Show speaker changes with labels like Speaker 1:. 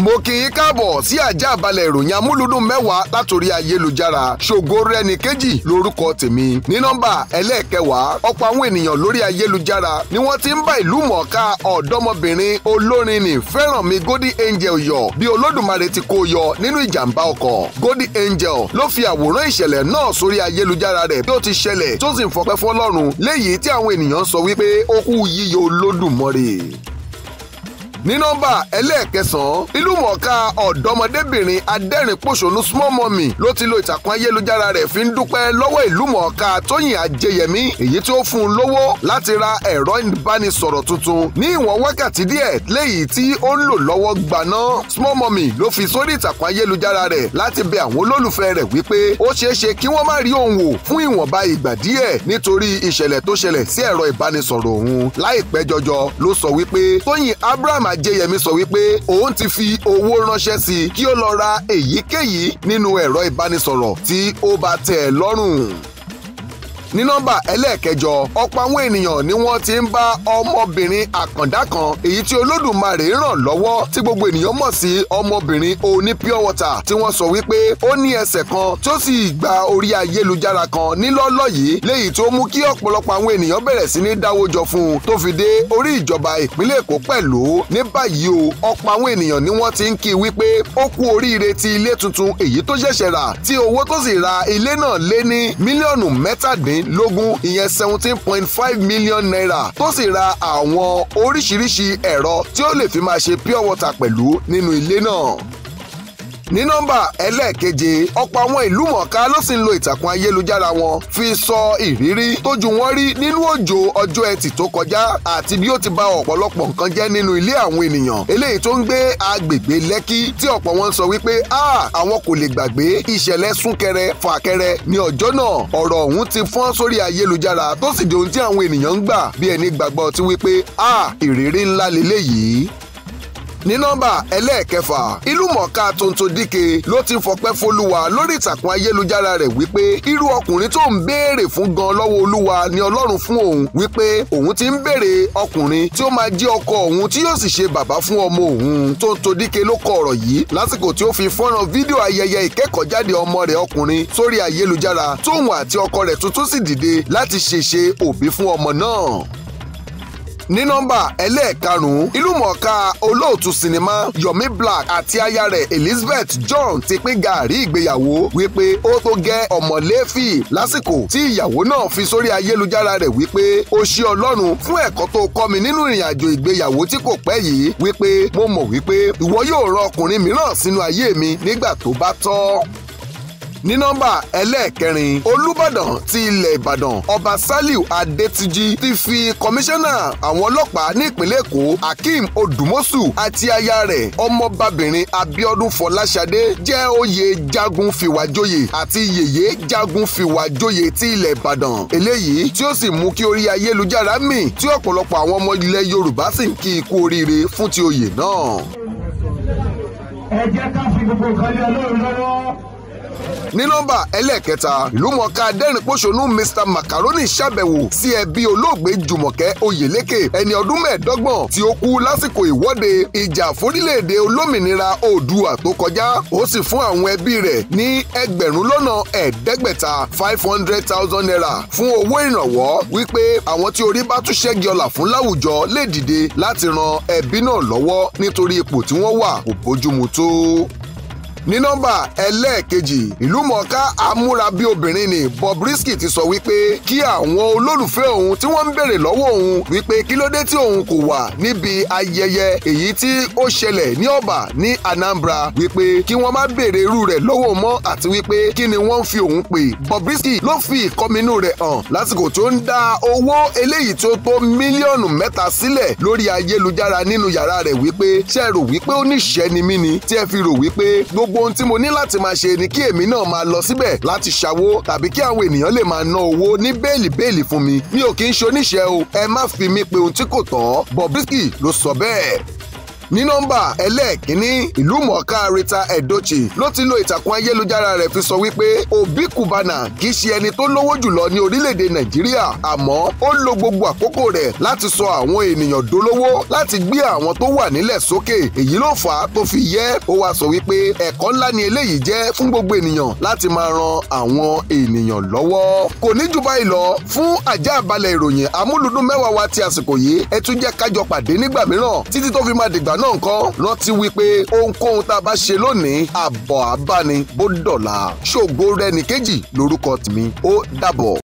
Speaker 1: mo kì í káàbọ̀ sí àjàbalẹ̀ ìròyìn amúlùdùn mẹ́wàá látòrí ayélujára ṣògo rẹni kejì lórúkọ tèmi ní nọ́mbà ẹlẹ́ẹ̀kẹwàá ọ̀pọ̀ àwọn ènìyàn lórí ayélujára ni wọ́n ti ń bá ìlú mọ̀ọ́ká ọ̀dọ́mọbìnrin olórin ní Fẹ́rànmi Golden Angel yọ bí Olódùmarè ti kó yọ nínú ìjàmbá ọkọ̀ Golden Angel ló fi àwòrán ìṣẹ̀lẹ̀ náà sórí ayélujára rẹ̀ bí ó ti ṣẹlẹ̀ tó sì ń fọpẹ́ fọlọ́run léyìí tí àwọn ènìyàn sọ wípé ó kú yíyọ Olódùmarè ní nọ́mbà ẹlẹ́ẹ̀kẹsàn-án ìlúmọ̀ọ́ká ọ̀dọ́mọdébìnrin adẹ́rìn-pọ̀ṣónú small mummy ló ti lo ìtàkùn ayélujára rẹ̀ fi ń dúpẹ́ lọ́wọ́ ìlúmọ̀ọ́ká tóyìn ajẹyẹmí èyí tí ó fún un lówó láti ra ẹ̀rọ ìbánisọ̀rọ̀ tuntun ní ìwọ̀n wákàtí díẹ̀ léyìí tí ó ń lò lọ́wọ́ gbaná small mummy ló fi sórí ìtàkùn ayélujára rẹ̀ láti bẹ àwọn olólùfẹ́ rẹ̀ wípé ó ṣeé ṣe kí wọ́n má rí òun wò fún ìwọ̀nba ìgbà díẹ̀ nítorí ìṣẹ̀lẹ̀ tó ṣẹlẹ̀ sí ẹ̀rọ ìbánisọ̀rọ̀ òun láìpẹ́ jọjọ ló sọ wípé tóyìn abraham Ajéyẹmí sọ wípé òun ti fi owó ránṣẹ́ sí i kí ó lọ ra èyíkéyìí nínú ẹ̀rọ ìbánisọ̀rọ̀ tí ó bá tẹ̀ lọ́rùn ní nọ́mbà ẹlẹ́ẹ̀kẹjọ ọ̀pọ̀ àwọn ènìyàn ni wọ́n ti ń bá ọmọbìnrin àkàndá kan èyí tí olódùmarè ràn lọ́wọ́ tí gbogbo ènìyàn mọ̀ sí ọmọbìnrin oní pure water tí wọ́n sọ wípé ó ní ẹsẹ̀ kan tó sì gba orí ayélujára kan nílọ́lọ́ yìí léyìí tó mú kí ọ̀pọ̀lọpọ̀ àwọn ènìyàn bẹ̀rẹ̀ sí ní dáwó jọ fún un tó fi dé orí ìjọba ìpínlẹ̀ Èkó pẹ̀lú ní báyìí o ọ̀pọ̀ àwọn ènìyàn ni wọ́n ti ń kí wípé ó kú oríire ti ilé tuntun èyí tó ṣẹ̀ṣẹ̀ rà tí owó tó sì ra ilé náà lé ní mílíọ̀nù mẹ́tàdín mẹ́rìndínlógún ìyẹn seventeen point five million naira tó sì ra àwọn oríṣiríṣi ẹ̀rọ tí ó lè fi máa ṣe pure water pẹ̀lú nínú ilé náà ní nọ́mbà ẹlẹ́ẹ̀keje ọ̀pọ̀ àwọn ìlú mọ̀ọ́ká ló sì ń lo ìtàkùn ayélujára wọn fi sọ ìrírí tójú wọn rí nínú òjò ọjọ́ ẹtì tó kọjá àti bí ó ti ba ọ̀pọ̀lọpọ̀ nǹkan jẹ́ nínú ilé àwọn ènìyàn eléyìí tó ń gbé agbègbè lẹ́kí tí ọ̀pọ̀ wọn sọ wípé àwọn kò lè gbàgbé ìṣẹ̀lẹ̀ súnkẹrẹ fàkẹrẹ ní ọjọ́ náà ọ̀rọ̀ ọ̀hún ti fọ́n sórí ayélujára tó sì di ohun tí àwọn ènìyàn ń gbà bí ẹni gbàgbọ́ ti wípé ìrírí ńlá leléyìí ní nọ́mbà ẹlẹ́ẹ̀kẹfà ìlúmọ̀ọ́ká Tonto Dike ló ti fọpẹ́ fọlúwa lórí ìtàkùn ayélujára rẹ̀ wípé irú ọkùnrin tó ń béèrè fún gan lọ́wọ́ olúwa ni ọlọ́run fún òun wípé òun ti ń béèrè ọkùnrin tí ó máa jẹ́ ọkọ òun tí yóò sì ṣe bàbá fún ọmọ òun Tonto Dike ló kọ ọ̀rọ̀ yìí lásìkò tí ó fi fọ́nrán fídíò ayẹyẹ ìkẹ́kọ̀ọ́jáde ọmọ rẹ̀ ọkùnrin sórí ayélujára tóun àti ọkọ rẹ̀ tuntun sì dìde láti ṣèṣe òbí fún ọmọ náà ní nọ́mbà ẹlẹ́ẹ̀karùn-ún ìlúmọ̀ọ́ká olóòtú sinimá Yomi Black àti aya rẹ̀ Elizabeth John ti pín gàárì ìgbéyàwó wípé ó tó gẹ́ ọmọléèfì lásìkò tí ìyàwó náà fi sórí ayélujára rẹ̀ wípé ó ṣe ọlọ́run fún ẹ̀kọ́ tó kọ́ mi nínú ìrìn àjò ìgbéyàwó tí kò pẹ́ yìí wípé mo mọ̀ wípé ìwọ yóò rán ọkùnrin mìíràn sínú ayé mi nígbà tó bá tọ́ ní nọ́mbà ẹlẹ́ẹ̀kẹrin olùbàdàn ti ilẹ̀ ìbàdàn ọba saliu adetiji ti fi kọmíṣánná àwọn ọlọ́pàá ní ìpínlẹ̀ èkó akeem odùmọ́sù àti aya rẹ̀ ọmọbabìnrin abiodun fọláṣadé jẹ́ oyè jagun fìwàjòyè àti yèyé jagun fìwàjòyè ti ilẹ̀ ìbàdàn eléyìí tí ó sì mú kí orí ayélujára mì tí ọ̀pọ̀lọpọ̀ àwọn ọmọ ilẹ̀ yorùbá sì ń kí ikú oríire fún ti oyè náà. ẹ jẹ́ ká fi gbogbo kan lé ọlọ́run lọ́wọ́ ní nọ́mbà ẹlẹ́ẹ̀kẹta ìlúmọ̀ọ́ká adẹ́rìnpòṣónú Mr Macaroni ṣàbẹ̀wò sí ẹbí olóògbé Jùmọ̀kẹ́ Oyèlékè ẹni ọdún mẹ́ẹ̀ẹ́dọ́gbọ̀n tí ó kú lásìkò ìwọ́de ìjà fórílẹ̀-èdè olómìnira Oòduà tó kọjá ó sì fún àwọn ẹbí rẹ̀ ní ẹgbẹ̀rún lọ́nà ẹ̀ẹ́dẹ́gbẹ̀ta five hundred thousand naira fún owó ìrànwọ́ wípé àwọn tí orí bá tún ṣẹ́gi ọlà fún láwùjọ lè dìde láti ran ẹbí náà lọ́wọ́ ní nọ́mbà ẹlẹ́ẹ̀kejì ìlúmọ̀ọ́ká amúrabíobìnrin ni Bobrisky ti sọ wípé kí àwọn olólùfẹ́ òun tí wọ́n ń béèrè lọ́wọ́ òun wípé kí ló dé tí òun kò wà níbi ayẹyẹ èyí tí ó ṣẹlẹ̀ ní ọ̀bà ní Anambra wípé kí wọ́n má béèrè irú rẹ̀ lọ́wọ́ mọ́ àti wípé kí ni wọ́n ń fi òun pè Bobrisky ló fi ìkọminú rẹ̀ hàn lásìkò tó ń dá owó eléyìí tó tó mílíọ̀nù mẹ́ta sílẹ̀ lórí ayélujára nínú yàrá rẹ̀ wípé ṣe rò wípé ó níṣẹ́ ni mí ni tí ẹ fi rò wípé gbogbo gbogbo ohun tí mo ní láti máa ṣe ni kí èmi náà máa lọ síbẹ̀ láti ṣàwó tàbí kí àwọn ènìyàn lè máa ná owó ní bẹ́ẹ̀lì bẹ́ẹ̀lì fún mi mi ò kì í ṣoníṣẹ́ o ẹ má fi mi pe ohun tí kò tán Bobrisky ló sọ bẹ́ẹ̀ ní nọ́mbà ẹlẹ́ẹ̀kínní ìlú mọ̀ọ́ká Rita Edochie ló ti lo ìtàkùn ayélujára rẹ̀ fi sọ wípé Obi Cubana kì í ṣe ẹni tó lówó jùlọ ní orílẹ̀-èdè Nàìjíríà àmọ́ ó lo gbogbo àkókò rẹ̀ láti sọ àwọn ènìyàn dolówó láti gbé àwọn tó wà nílẹ̀ sókè èyí ló fà á tó fi yẹ ó wá sọ wípé ẹ̀kọ́ ńlá ni eléyìí jẹ́ fún gbogbo ènìyàn láti máa ran àwọn ènìyàn lọ́wọ́ kò ní jù báyìí lọ fún àjá àbalẹ̀ ìròyìn amúlùdún mẹ́wàá wa ti àsìkò yìí ẹ tún jẹ́ kájọ pàdé nígbà mìíràn títí tó fi máa dìgbà náà kọ́ rántí wípé ohunkóhun tá a bá ṣe lónìí àbọ̀ àbáni bó dọ̀la ṣògo rẹ̀ nìkejì lórúkọ tèmi ó dàbọ̀.